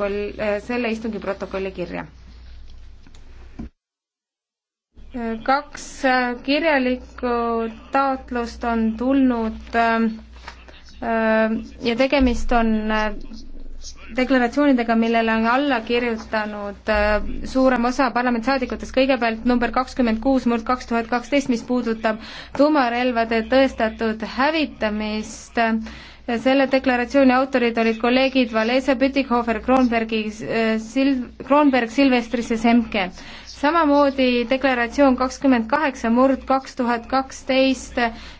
protokoll, äh, selle istungi protokolli kirja. kaks äh, kirjalikku taotlust on tulnud ähm, ähm, ja tegemist on äh, deklaratsioonidega, millele on alla kirjutanud suurem osa parlamendisaadikutest, kõigepealt number kakskümmend kuus murd kaks tuhat kaksteist, mis puudutab tuumarelvade tõestatud hävitamist selle deklaratsiooni autorid olid kolleegid Valesa Pütikhofer, Kroonbergi äh, Sil-, Kroonberg, Silvestris ja Semke. samamoodi deklaratsioon kakskümmend kaheksa murd kaks tuhat kaksteist,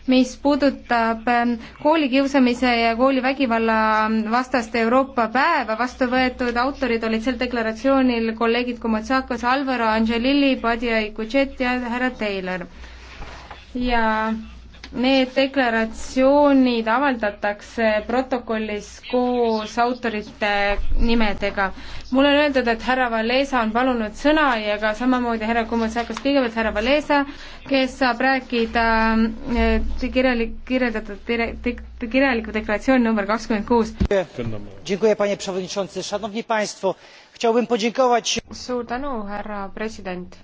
mis puudutab ähm, koolikiusamise ja koolivägivalla vastast Euroopa päeva vastu võetud, autorid olid sel deklaratsioonil kolleegid Komotsakos, Alvaro Angelilli, Padja Ikuchet ja härra Taylor. ja Need deklaratsioonid avaldatakse protokollis koos autorite nimedega. mulle on öeldud, et härra Valesa on palunud sõna ja ka samamoodi härra Kumosakas, kõigepealt härra Valesa, kes saab rääkida äh, kirjalik, kirjeldatud kirjaliku deklaratsiooni number kakskümmend kuus. suur tänu, härra president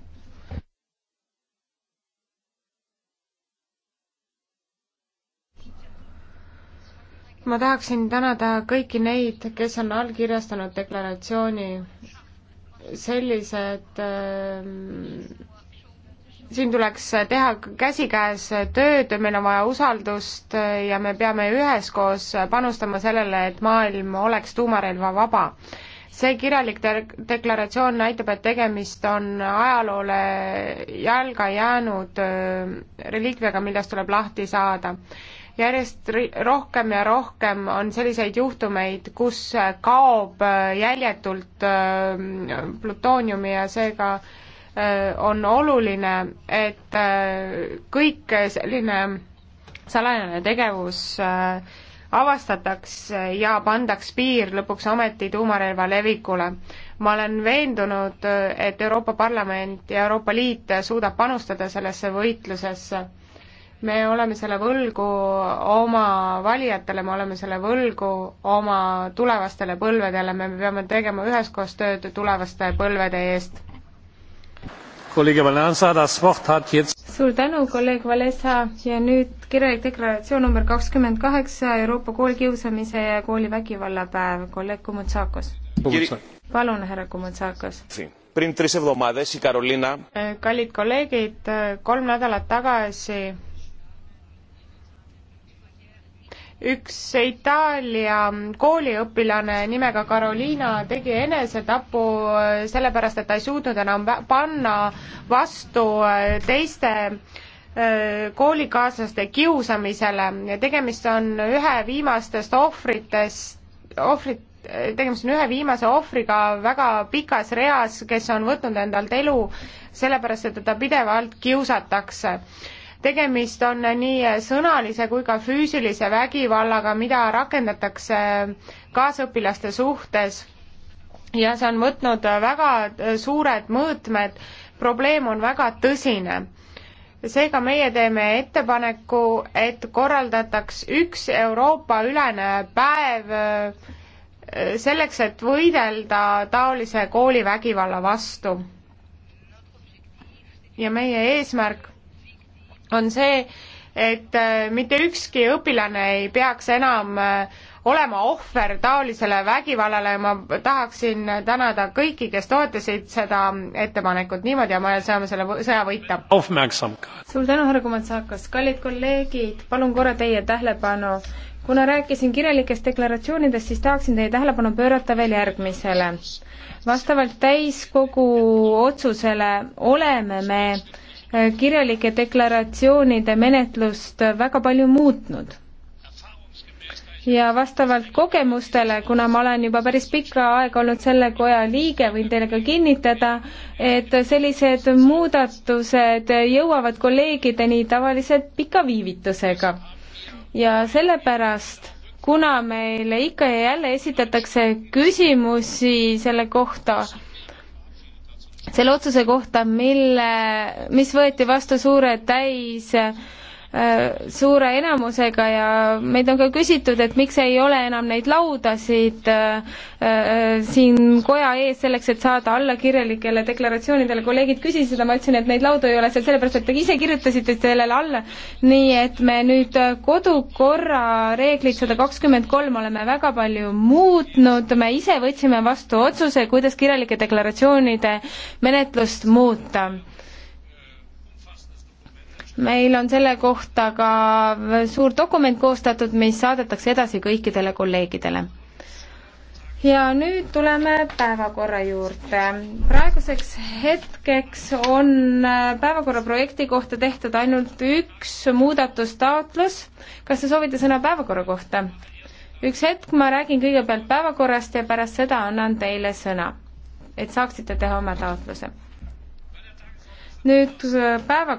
ma tahaksin tänada kõiki neid, kes on allkirjastanud deklaratsiooni. sellised äh, siin tuleks teha käsikäes tööd, meil on vaja usaldust ja me peame üheskoos panustama sellele, et maailm oleks tuumarelvavaba. see kirjalik deklaratsioon näitab, et tegemist on ajaloole jalga jäänud ehm, reliikviaga, millest tuleb lahti saada järjest rohkem ja rohkem on selliseid juhtumeid, kus kaob äh, jäljetult äh, plutooniumi ja seega äh, on oluline, et kõik selline salajane tegevus avastataks ja pandaks piir lõpuks ometi tuumarelva levikule. ma olen veendunud, et Euroopa Parlament ja Euroopa Liit suudab panustada sellesse võitlusesse me oleme selle võlgu oma valijatele, me oleme selle võlgu oma tulevastele põlvedele, me peame tegema üheskoos tööd tulevaste põlvede eest. suur tänu, kolleeg Valesa ja nüüd kirjalik deklaratsioon number kakskümmend kaheksa, Euroopa koolikiusamise ja koolivägivalla päev, kolleeg Kumutsakos. palun, härra Kumutsakos πριν τρεις εβδομάδες η Καρολίνα. Καλλιτ κολέγιτ, kolm nädalat tagasi üks Itaalia kooliõpilane nimega Carolina tegi enesetapu äh, sellepärast, et ta ei suutnud enam panna vastu äh, teiste äh, koolikaaslaste kiusamisele ja tegemist on ühe viimastest ohvritest, ohvrit, tegemist on ühe viimase ohvriga väga pikas reas, kes on võtnud endalt elu sellepärast, et teda pidevalt kiusatakse tegemist on nii sõnalise kui ka füüsilise vägivallaga, mida rakendatakse kaasõpilaste suhtes ja see on võtnud väga suured mõõtmed, probleem on väga tõsine. seega meie teeme ettepaneku, et korraldataks üks Euroopa-ülene päev äh, selleks, et võidelda taolise koolivägivalla vastu. ja meie eesmärk on see, et äh, mitte ükski õpilane ei peaks enam äh, olema ohver taolisele vägivallale ja ma tahaksin tänada kõiki, kes toetasid seda ettepanekut niimoodi ja me saame selle sõja võita. suur tänu, härra Kumatsakas, kallid kolleegid, palun korra teie tähelepanu. kuna rääkisin kirjalikest deklaratsioonidest, siis tahaksin teie tähelepanu pöörata veel järgmisele. vastavalt täiskogu otsusele oleme me Äh, kirjalike deklaratsioonide menetlust väga palju muutnud. ja vastavalt kogemustele, kuna ma olen juba päris pikka aega olnud selle koja liige, võin teile ka kinnitada, et sellised muudatused jõuavad kolleegideni tavaliselt pika viivitusega. ja sellepärast kuna meile ikka ja jälle esitatakse küsimusi selle kohta, selle otsuse kohta, mille, mis võeti vastu suure täis Äh, suure enamusega ja meid on ka küsitud, et miks ei ole enam neid laudasid äh, äh, siin koja ees selleks, et saada allakirjalikele deklaratsioonidele, kolleegid küsisid seda, ma ütlesin, et neid laudu ei ole seal sellepärast, et te ise kirjutasite sellele alla, nii et me nüüd kodukorra reeglid sada kakskümmend kolm oleme väga palju muutnud, me ise võtsime vastu otsuse, kuidas kirjalike deklaratsioonide menetlust muuta meil on selle kohta ka suur dokument koostatud, mis saadetakse edasi kõikidele kolleegidele. ja nüüd tuleme päevakorra juurde. praeguseks hetkeks on päevakorra projekti kohta tehtud ainult üks muudatustaotlus. kas te soovite sõna päevakorra kohta? üks hetk, ma räägin kõigepealt päevakorrast ja pärast seda annan teile sõna, et saaksite teha oma taotluse. nüüd äh, päeva